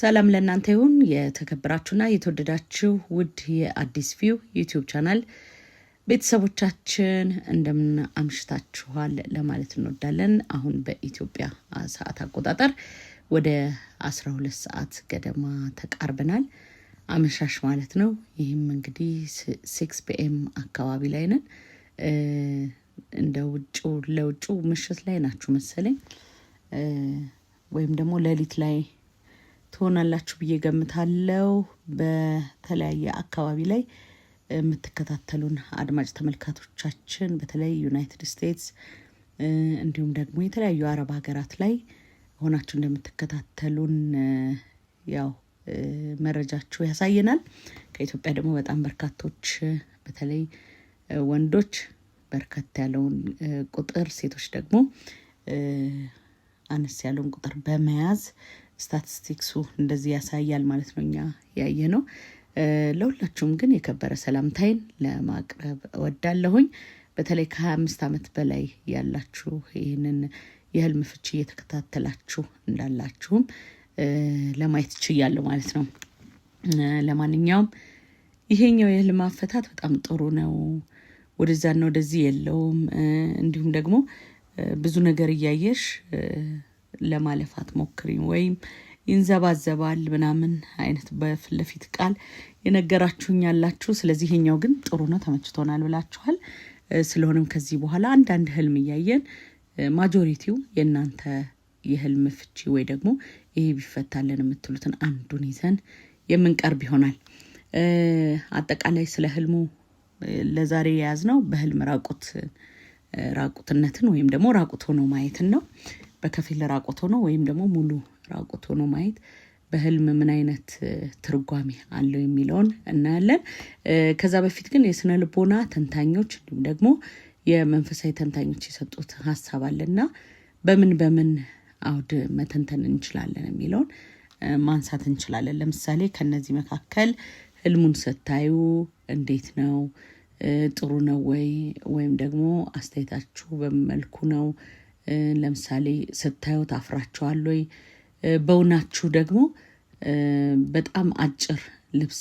ሰላም ለእናንተ ይሁን። የተከበራችሁና የተወደዳችሁ ውድ የአዲስ ቪው ዩቲዩብ ቻናል ቤተሰቦቻችን እንደምን አምሽታችኋል ለማለት እንወዳለን። አሁን በኢትዮጵያ ሰዓት አቆጣጠር ወደ 12 ሰዓት ገደማ ተቃርበናል፣ አመሻሽ ማለት ነው። ይህም እንግዲህ ሲክስ ፒኤም አካባቢ ላይ ነን። እንደ ውጭ ለውጭ ምሽት ላይ ናችሁ መሰለኝ ወይም ደግሞ ሌሊት ላይ ትሆናላችሁ ብዬ ገምታለው በተለያየ አካባቢ ላይ የምትከታተሉን አድማጭ ተመልካቶቻችን በተለይ ዩናይትድ ስቴትስ እንዲሁም ደግሞ የተለያዩ አረብ ሀገራት ላይ ሆናችሁ እንደምትከታተሉን ያው መረጃችሁ ያሳየናል። ከኢትዮጵያ ደግሞ በጣም በርካቶች በተለይ ወንዶች በርከት ያለውን ቁጥር ሴቶች ደግሞ አነስ ያለውን ቁጥር በመያዝ ስታቲስቲክሱ እንደዚህ ያሳያል ማለት ነው እኛ ያየ ነው። ለሁላችሁም ግን የከበረ ሰላምታይን ለማቅረብ እወዳለሁኝ። በተለይ ከሀያ አመት ዓመት በላይ ያላችሁ ይህንን የህልም ፍቺ እየተከታተላችሁ እንዳላችሁም ለማየት ችያለሁ ማለት ነው። ለማንኛውም ይሄኛው የህልም አፈታት በጣም ጥሩ ነው። ወደዛና ወደዚህ የለውም። እንዲሁም ደግሞ ብዙ ነገር እያየሽ ለማለፋት ሞክሪኝ ወይም ይንዘባዘባል ምናምን አይነት በፊት ለፊት ቃል የነገራችሁኝ ያላችሁ። ስለዚህ ይሄኛው ግን ጥሩ ነው ተመችቶናል ብላችኋል። ስለሆነም ከዚህ በኋላ አንዳንድ ህልም እያየን ማጆሪቲው የእናንተ የህልም ፍቺ ወይ ደግሞ ይሄ ቢፈታለን የምትሉትን አንዱን ይዘን የምንቀርብ ይሆናል። አጠቃላይ ስለ ህልሙ ለዛሬ የያዝነው በህልም ራቁት ራቁትነትን ወይም ደግሞ ራቁት ሆኖ ማየትን ነው። በከፊል ራቆት ሆኖ ወይም ደግሞ ሙሉ ራቆት ሆኖ ማየት በህልም ምን አይነት ትርጓሜ አለው የሚለውን እናያለን። ከዛ በፊት ግን የስነ ልቦና ተንታኞች እንዲሁም ደግሞ የመንፈሳዊ ተንታኞች የሰጡት ሀሳብ አለና በምን በምን አውድ መተንተን እንችላለን የሚለውን ማንሳት እንችላለን። ለምሳሌ ከነዚህ መካከል ህልሙን ስታዩ እንዴት ነው? ጥሩ ነው ወይ? ወይም ደግሞ አስተያየታችሁ በምን መልኩ ነው? ለምሳሌ ስታዩት አፍራችኋል ወይ? በውናችሁ ደግሞ በጣም አጭር ልብስ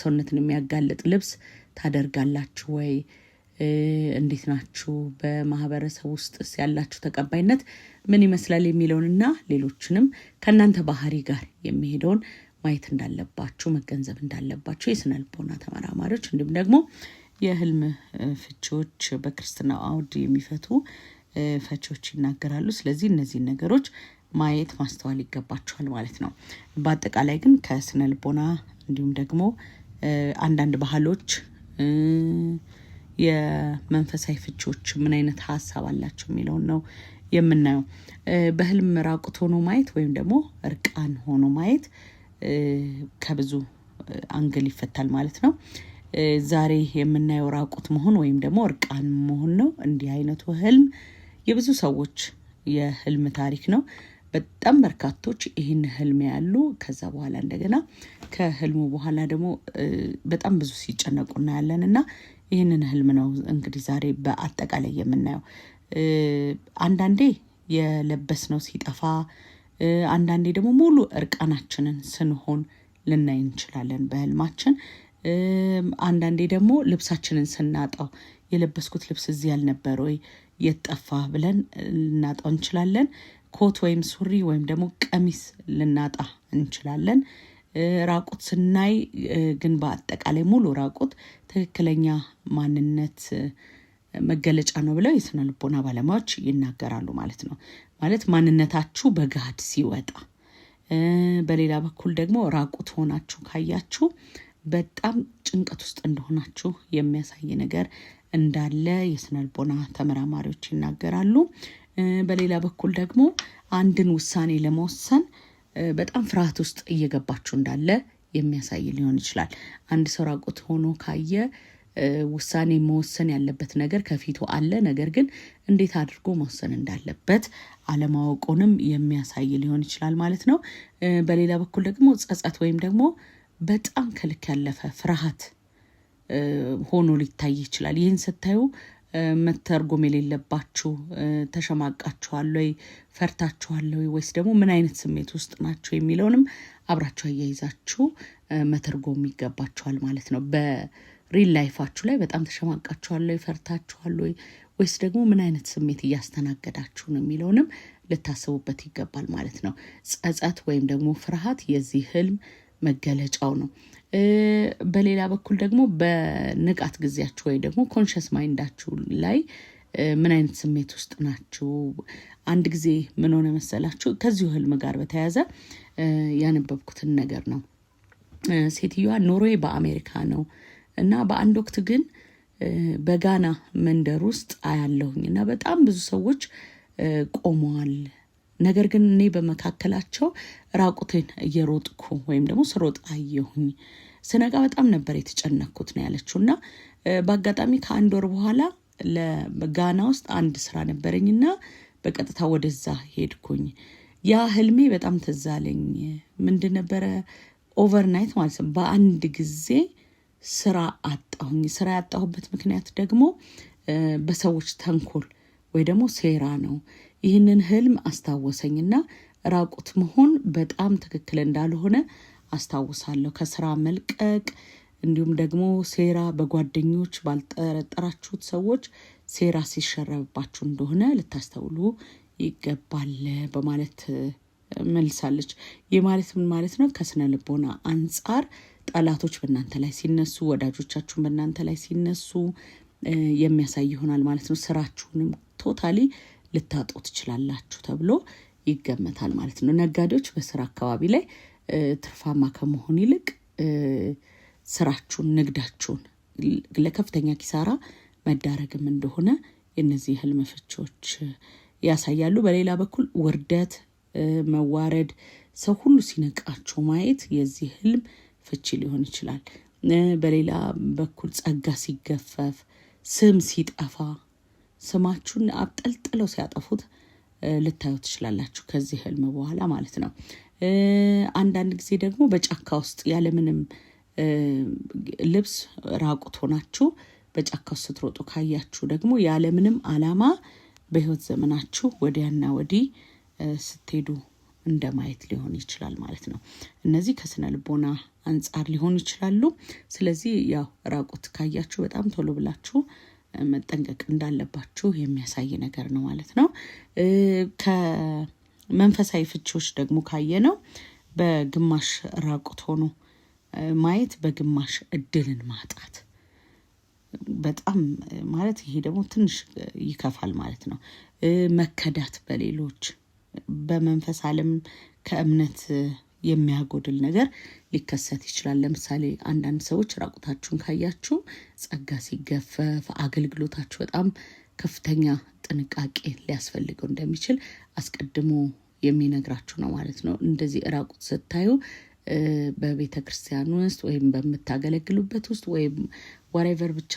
ሰውነትን የሚያጋልጥ ልብስ ታደርጋላችሁ ወይ? እንዴት ናችሁ? በማህበረሰብ ውስጥ ያላችሁ ተቀባይነት ምን ይመስላል የሚለውንና ሌሎችንም ከእናንተ ባህሪ ጋር የሚሄደውን ማየት እንዳለባችሁ መገንዘብ እንዳለባችሁ የስነ ልቦና ተመራማሪዎች እንዲሁም ደግሞ የህልም ፍቺዎች በክርስትና አውድ የሚፈቱ ፈቺዎች ይናገራሉ። ስለዚህ እነዚህን ነገሮች ማየት ማስተዋል ይገባቸዋል ማለት ነው። በአጠቃላይ ግን ከስነ ልቦና እንዲሁም ደግሞ አንዳንድ ባህሎች የመንፈሳዊ ፍቺዎች ምን አይነት ሀሳብ አላቸው የሚለውን ነው የምናየው። በህልም ራቁት ሆኖ ማየት ወይም ደግሞ እርቃን ሆኖ ማየት ከብዙ አንግል ይፈታል ማለት ነው። ዛሬ የምናየው ራቁት መሆን ወይም ደግሞ እርቃን መሆን ነው። እንዲህ አይነቱ ህልም የብዙ ሰዎች የህልም ታሪክ ነው። በጣም በርካቶች ይህን ህልም ያሉ ከዛ በኋላ እንደገና ከህልሙ በኋላ ደግሞ በጣም ብዙ ሲጨነቁ እናያለን እና ይህንን ህልም ነው እንግዲህ ዛሬ በአጠቃላይ የምናየው። አንዳንዴ የለበስ ነው ሲጠፋ፣ አንዳንዴ ደግሞ ሙሉ እርቃናችንን ስንሆን ልናይ እንችላለን በህልማችን። አንዳንዴ ደግሞ ልብሳችንን ስናጣው የለበስኩት ልብስ እዚህ ያልነበር ወይ የጠፋ ብለን ልናጣው እንችላለን። ኮት ወይም ሱሪ ወይም ደግሞ ቀሚስ ልናጣ እንችላለን። ራቁት ስናይ ግን በአጠቃላይ ሙሉ ራቁት ትክክለኛ ማንነት መገለጫ ነው ብለው የስነ ልቦና ባለሙያዎች ይናገራሉ ማለት ነው። ማለት ማንነታችሁ በገሃድ ሲወጣ፣ በሌላ በኩል ደግሞ ራቁት ሆናችሁ ካያችሁ በጣም ጭንቀት ውስጥ እንደሆናችሁ የሚያሳይ ነገር እንዳለ የስነልቦና ተመራማሪዎች ይናገራሉ። በሌላ በኩል ደግሞ አንድን ውሳኔ ለመወሰን በጣም ፍርሃት ውስጥ እየገባችሁ እንዳለ የሚያሳይ ሊሆን ይችላል። አንድ ሰው ራቁት ሆኖ ካየ ውሳኔ መወሰን ያለበት ነገር ከፊቱ አለ። ነገር ግን እንዴት አድርጎ መወሰን እንዳለበት አለማወቁንም የሚያሳይ ሊሆን ይችላል ማለት ነው። በሌላ በኩል ደግሞ ጸጸት ወይም ደግሞ በጣም ከልክ ያለፈ ፍርሃት ሆኖ ሊታይ ይችላል። ይህን ስታዩ መተርጎም የሌለባችሁ ተሸማቃችኋል ወይ ፈርታችኋል ወይስ ደግሞ ምን አይነት ስሜት ውስጥ ናቸው የሚለውንም አብራችሁ አያይዛችሁ መተርጎም ይገባችኋል ማለት ነው። በሪል ላይፋችሁ ላይ በጣም ተሸማቃችኋል ወይ ፈርታችኋል ወይ ወይስ ደግሞ ምን አይነት ስሜት እያስተናገዳችሁ ነው የሚለውንም ልታስቡበት ይገባል ማለት ነው። ጸጸት ወይም ደግሞ ፍርሃት የዚህ ህልም መገለጫው ነው። በሌላ በኩል ደግሞ በንቃት ጊዜያችሁ ወይ ደግሞ ኮንሽስ ማይንዳችሁ ላይ ምን አይነት ስሜት ውስጥ ናችሁ? አንድ ጊዜ ምን ሆነ መሰላችሁ፣ ከዚሁ ህልም ጋር በተያያዘ ያነበብኩትን ነገር ነው። ሴትዮዋ ኖርዌይ በአሜሪካ ነው እና በአንድ ወቅት ግን በጋና መንደር ውስጥ አያለሁኝ እና በጣም ብዙ ሰዎች ቆመዋል ነገር ግን እኔ በመካከላቸው ራቁቴን እየሮጥኩ ወይም ደግሞ ስሮጥ አየሁኝ። ስነጋ በጣም ነበር የተጨነኩት ነው ያለችው። እና በአጋጣሚ ከአንድ ወር በኋላ ለጋና ውስጥ አንድ ስራ ነበረኝ እና በቀጥታ ወደዛ ሄድኩኝ። ያ ህልሜ በጣም ትዛለኝ። ምንድን ነበረ? ኦቨርናይት ማለት ነው በአንድ ጊዜ ስራ አጣሁኝ። ስራ ያጣሁበት ምክንያት ደግሞ በሰዎች ተንኮል ወይ ደግሞ ሴራ ነው። ይህንን ህልም አስታወሰኝና ራቁት መሆን በጣም ትክክል እንዳልሆነ አስታውሳለሁ። ከስራ መልቀቅ እንዲሁም ደግሞ ሴራ በጓደኞች ባልጠረጠራችሁት ሰዎች ሴራ ሲሸረብባችሁ እንደሆነ ልታስተውሉ ይገባል በማለት መልሳለች። ይህ ማለት ምን ማለት ነው? ከስነ ልቦና አንጻር ጠላቶች በእናንተ ላይ ሲነሱ፣ ወዳጆቻችሁን በእናንተ ላይ ሲነሱ የሚያሳይ ይሆናል ማለት ነው። ስራችሁንም ቶታሊ ልታጡ ትችላላችሁ ተብሎ ይገመታል ማለት ነው። ነጋዴዎች በስራ አካባቢ ላይ ትርፋማ ከመሆን ይልቅ ስራችሁን፣ ንግዳችሁን ለከፍተኛ ኪሳራ መዳረግም እንደሆነ እነዚህ ህልም ፍቺዎች ያሳያሉ። በሌላ በኩል ውርደት፣ መዋረድ፣ ሰው ሁሉ ሲነቃችሁ ማየት የዚህ ህልም ፍቺ ሊሆን ይችላል። በሌላ በኩል ጸጋ ሲገፈፍ፣ ስም ሲጠፋ ስማችሁን አብጠልጥለው ሲያጠፉት ልታዩ ትችላላችሁ፣ ከዚህ ህልም በኋላ ማለት ነው። አንዳንድ ጊዜ ደግሞ በጫካ ውስጥ ያለምንም ልብስ ራቁት ሆናችሁ በጫካ ውስጥ ስትሮጡ ካያችሁ ደግሞ ያለምንም አላማ በህይወት ዘመናችሁ ወዲያና ወዲህ ስትሄዱ እንደ ማየት ሊሆን ይችላል ማለት ነው። እነዚህ ከስነ ልቦና አንጻር ሊሆኑ ይችላሉ። ስለዚህ ያው ራቁት ካያችሁ በጣም ቶሎ ብላችሁ መጠንቀቅ እንዳለባችሁ የሚያሳይ ነገር ነው ማለት ነው። ከመንፈሳዊ ፍቺዎች ደግሞ ካየ ነው በግማሽ ራቁት ሆኖ ማየት፣ በግማሽ እድልን ማጣት በጣም ማለት ይሄ ደግሞ ትንሽ ይከፋል ማለት ነው። መከዳት በሌሎች በመንፈስ ዓለም ከእምነት የሚያጎድል ነገር ሊከሰት ይችላል። ለምሳሌ አንዳንድ ሰዎች ራቁታችሁን ካያችሁ ጸጋ ሲገፈፍ አገልግሎታችሁ በጣም ከፍተኛ ጥንቃቄ ሊያስፈልገው እንደሚችል አስቀድሞ የሚነግራችሁ ነው ማለት ነው። እንደዚህ ራቁት ስታዩ በቤተ ክርስቲያን ውስጥ ወይም በምታገለግሉበት ውስጥ ወይም ወሬቨር ብቻ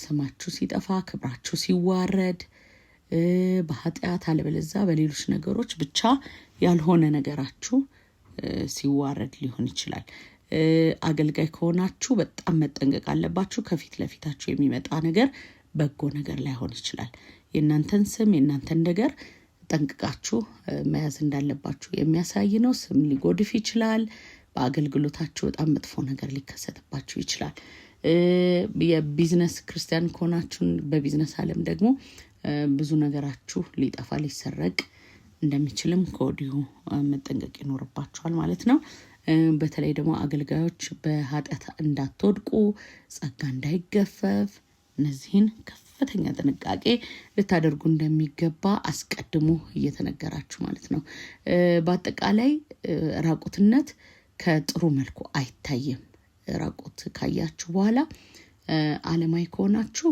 ስማችሁ ሲጠፋ ክብራችሁ ሲዋረድ በኃጢአት አለበለዛ በሌሎች ነገሮች ብቻ ያልሆነ ነገራችሁ ሲዋረድ ሊሆን ይችላል። አገልጋይ ከሆናችሁ በጣም መጠንቀቅ አለባችሁ። ከፊት ለፊታችሁ የሚመጣ ነገር በጎ ነገር ላይሆን ይችላል። የእናንተን ስም የእናንተን ነገር ጠንቅቃችሁ መያዝ እንዳለባችሁ የሚያሳይ ነው። ስም ሊጎድፍ ይችላል። በአገልግሎታችሁ በጣም መጥፎ ነገር ሊከሰትባችሁ ይችላል። የቢዝነስ ክርስቲያን ከሆናችሁን በቢዝነስ ዓለም ደግሞ ብዙ ነገራችሁ ሊጠፋ ሊሰረቅ እንደሚችልም ከወዲሁ መጠንቀቅ ይኖርባቸዋል ማለት ነው። በተለይ ደግሞ አገልጋዮች በኃጢአት እንዳትወድቁ፣ ጸጋ እንዳይገፈፍ እነዚህን ከፍተኛ ጥንቃቄ ልታደርጉ እንደሚገባ አስቀድሞ እየተነገራችሁ ማለት ነው። በአጠቃላይ ራቁትነት ከጥሩ መልኩ አይታይም። ራቁት ካያችሁ በኋላ አለማይ ከሆናችሁ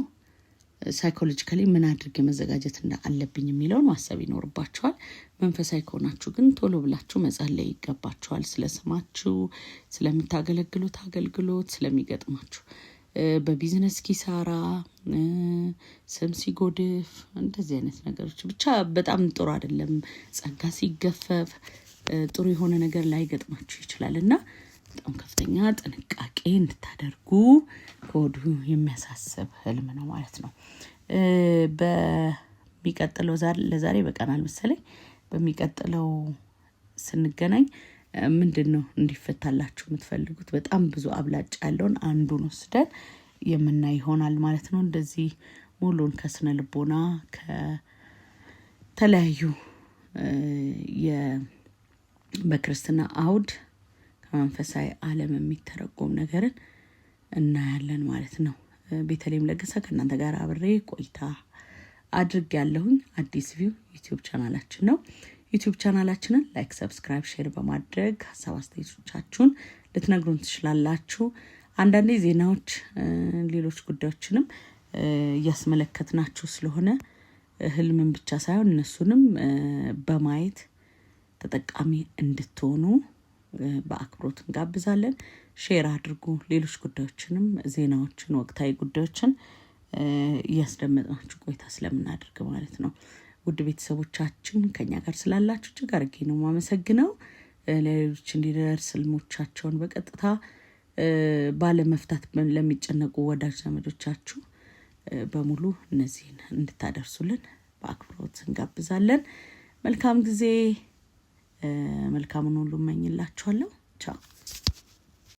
ሳይኮሎጂካሊ ምን አድርጌ መዘጋጀት አለብኝ የሚለውን ማሰብ ይኖርባቸዋል። መንፈሳዊ ከሆናችሁ ግን ቶሎ ብላችሁ መጸለይ ይገባችኋል። ስለ ስማችሁ፣ ስለምታገለግሉት አገልግሎት፣ ስለሚገጥማችሁ በቢዝነስ ኪሳራ፣ ስም ሲጎድፍ፣ እንደዚህ አይነት ነገሮች ብቻ በጣም ጥሩ አይደለም። ጸጋ ሲገፈፍ ጥሩ የሆነ ነገር ላይገጥማችሁ ይችላል እና በጣም ከፍተኛ ጥንቃቄ እንድታደርጉ ከወዲሁ የሚያሳስብ ህልም ነው ማለት ነው። በሚቀጥለው ለዛሬ በቀናል መሰለኝ። በሚቀጥለው ስንገናኝ ምንድን ነው እንዲፈታላችሁ የምትፈልጉት? በጣም ብዙ አብላጫ ያለውን አንዱን ወስደን የምናይ ይሆናል ማለት ነው። እንደዚህ ሙሉን ከስነ ልቦና ከተለያዩ በክርስትና አውድ ከመንፈሳዊ ዓለም የሚተረጎም ነገርን እናያለን ማለት ነው። ቤተልሔም ለገሰ ከእናንተ ጋር አብሬ ቆይታ አድርግ ያለሁኝ አዲስ ቪው ዩቲዩብ ቻናላችን ነው። ዩቲዩብ ቻናላችንን ላይክ፣ ሰብስክራይብ፣ ሼር በማድረግ ሀሳብ አስተያየቶቻችሁን ልትነግሩን ትችላላችሁ። አንዳንዴ ዜናዎች፣ ሌሎች ጉዳዮችንም እያስመለከትናችሁ ስለሆነ ህልምን ብቻ ሳይሆን እነሱንም በማየት ተጠቃሚ እንድትሆኑ በአክብሮት እንጋብዛለን። ሼር አድርጉ። ሌሎች ጉዳዮችንም ዜናዎችን፣ ወቅታዊ ጉዳዮችን እያስደመጥናችሁ ቆይታ ስለምናደርግ ማለት ነው። ውድ ቤተሰቦቻችን ከኛ ጋር ስላላችሁ እጅግ አድርጌ ነው የማመሰግነው። ለሌሎች እንዲደርስ ህልሞቻቸውን በቀጥታ ባለመፍታት ለሚጨነቁ ወዳጅ ዘመዶቻችሁ በሙሉ እነዚህን እንድታደርሱልን በአክብሮት እንጋብዛለን። መልካም ጊዜ መልካምን ሁሉ እመኝላችኋለሁ። ቻው